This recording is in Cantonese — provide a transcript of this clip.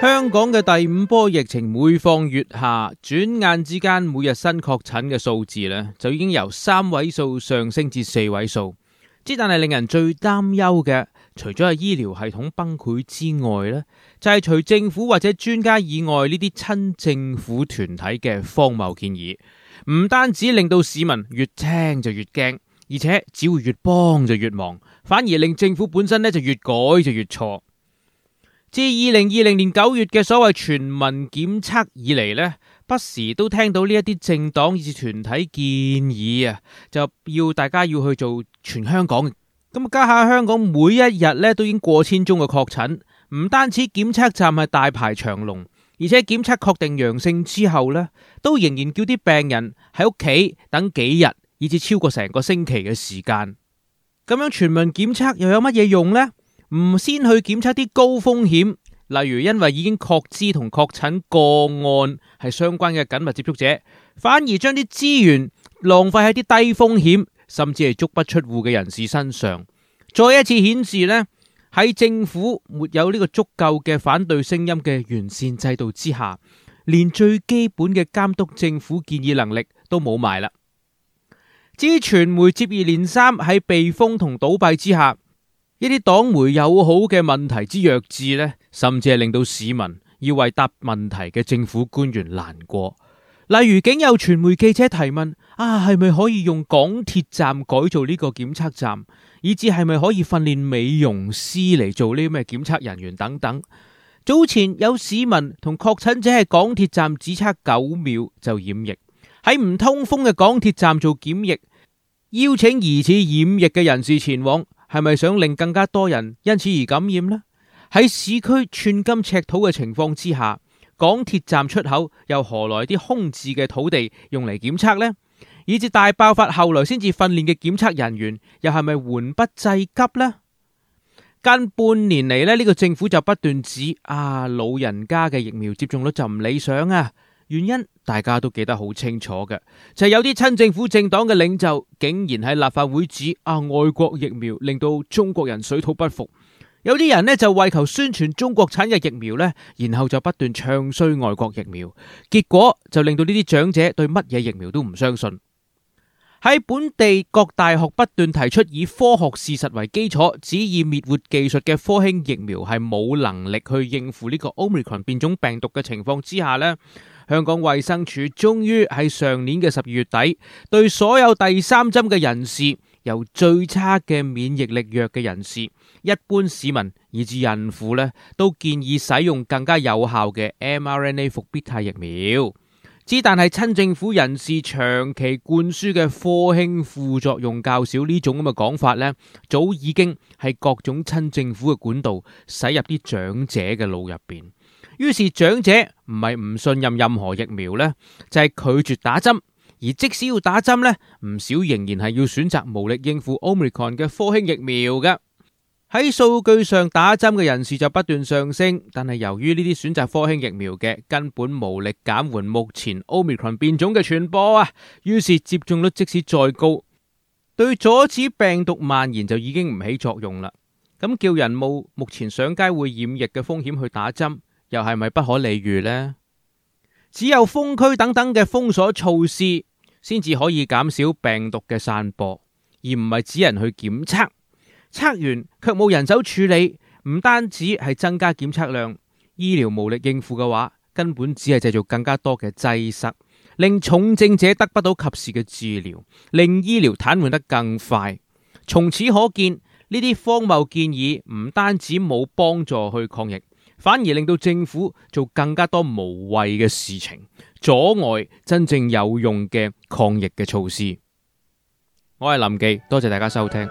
香港嘅第五波疫情每況愈下，轉眼之間每日新確診嘅數字咧，就已經由三位數上升至四位數。之但係令人最擔憂嘅，除咗係醫療系統崩潰之外咧，就係、是、除政府或者專家以外呢啲親政府團體嘅荒謬建議，唔單止令到市民越聽就越驚，而且只會越幫就越忙，反而令政府本身咧就越改就越錯。自二零二零年九月嘅所謂全民檢測以嚟呢，不時都聽到呢一啲政黨以至團體建議啊，就要大家要去做全香港。咁家下香港每一日呢都已經過千宗嘅確診，唔單止檢測站係大排長龍，而且檢測確定陽性之後呢，都仍然叫啲病人喺屋企等幾日，以至超過成個星期嘅時間。咁樣全民檢測又有乜嘢用呢？唔先去檢測啲高風險，例如因為已經確知同確診個案係相關嘅緊密接觸者，反而將啲資源浪費喺啲低風險，甚至係足不出戶嘅人士身上，再一次顯示呢，喺政府沒有呢個足夠嘅反對聲音嘅完善制度之下，連最基本嘅監督政府建議能力都冇埋啦。至於傳媒接二連三喺被封同倒閉之下。呢啲黨媒友好嘅問題之弱智呢甚至係令到市民要為答問題嘅政府官員難過。例如，竟有傳媒記者提問：啊，係咪可以用港鐵站改造呢個檢測站？以至係咪可以訓練美容師嚟做呢咩檢測人員等等？早前有市民同確診者喺港鐵站只差九秒就染疫，喺唔通風嘅港鐵站做檢疫，邀請疑似染疫嘅人士前往。係咪想令更加多人因此而感染呢？喺市區寸金尺土嘅情況之下，港鐵站出口又何來啲空置嘅土地用嚟檢測呢？以至大爆發後來先至訓練嘅檢測人員，又係咪緩不濟急呢？近半年嚟呢，呢、呢個政府就不斷指啊老人家嘅疫苗接種率就唔理想啊！。原因大家都記得好清楚嘅，就係、是、有啲親政府政黨嘅領袖，竟然喺立法會指啊，外國疫苗令到中國人水土不服。有啲人咧就為求宣傳中國產嘅疫苗咧，然後就不斷唱衰外國疫苗，結果就令到呢啲長者對乜嘢疫苗都唔相信。喺本地各大學不斷提出以科學事實為基礎，指以滅活技術嘅科興疫苗係冇能力去應付呢個 Omicron 變種病毒嘅情況之下咧香港衛生署終於喺上年嘅十二月底，對所有第三針嘅人士，由最差嘅免疫力弱嘅人士、一般市民以至孕婦呢都建議使用更加有效嘅 mRNA 復必泰疫苗。之但係親政府人士長期灌輸嘅科興副作用較少呢種咁嘅講法呢，早已經喺各種親政府嘅管道使入啲長者嘅腦入邊。於是長者唔係唔信任任何疫苗呢，就係、是、拒絕打針。而即使要打針呢，唔少仍然係要選擇無力應付 Omicron 嘅科興疫苗嘅。喺數據上打針嘅人士就不斷上升，但係由於呢啲選擇科興疫苗嘅根本無力減緩目前 Omicron 變種嘅傳播啊，於是接種率即使再高，對阻止病毒蔓延就已經唔起作用啦。咁叫人冒目前上街會染疫嘅風險去打針。又係咪不，不可理喻呢？只有封區等等嘅封鎖措施，先至可以減少病毒嘅散播，而唔係指人去檢測。測完卻冇人手處理，唔單止係增加檢測量，醫療無力應付嘅話，根本只係製造更加多嘅擠塞，令重症者得不到及時嘅治療，令醫療癱瘓得更快。從此可見呢啲荒謬建議，唔單止冇幫助去抗疫，反而令到政府做更加多無謂嘅事情，阻礙真正有用嘅抗疫嘅措施。我係林忌，多謝大家收聽。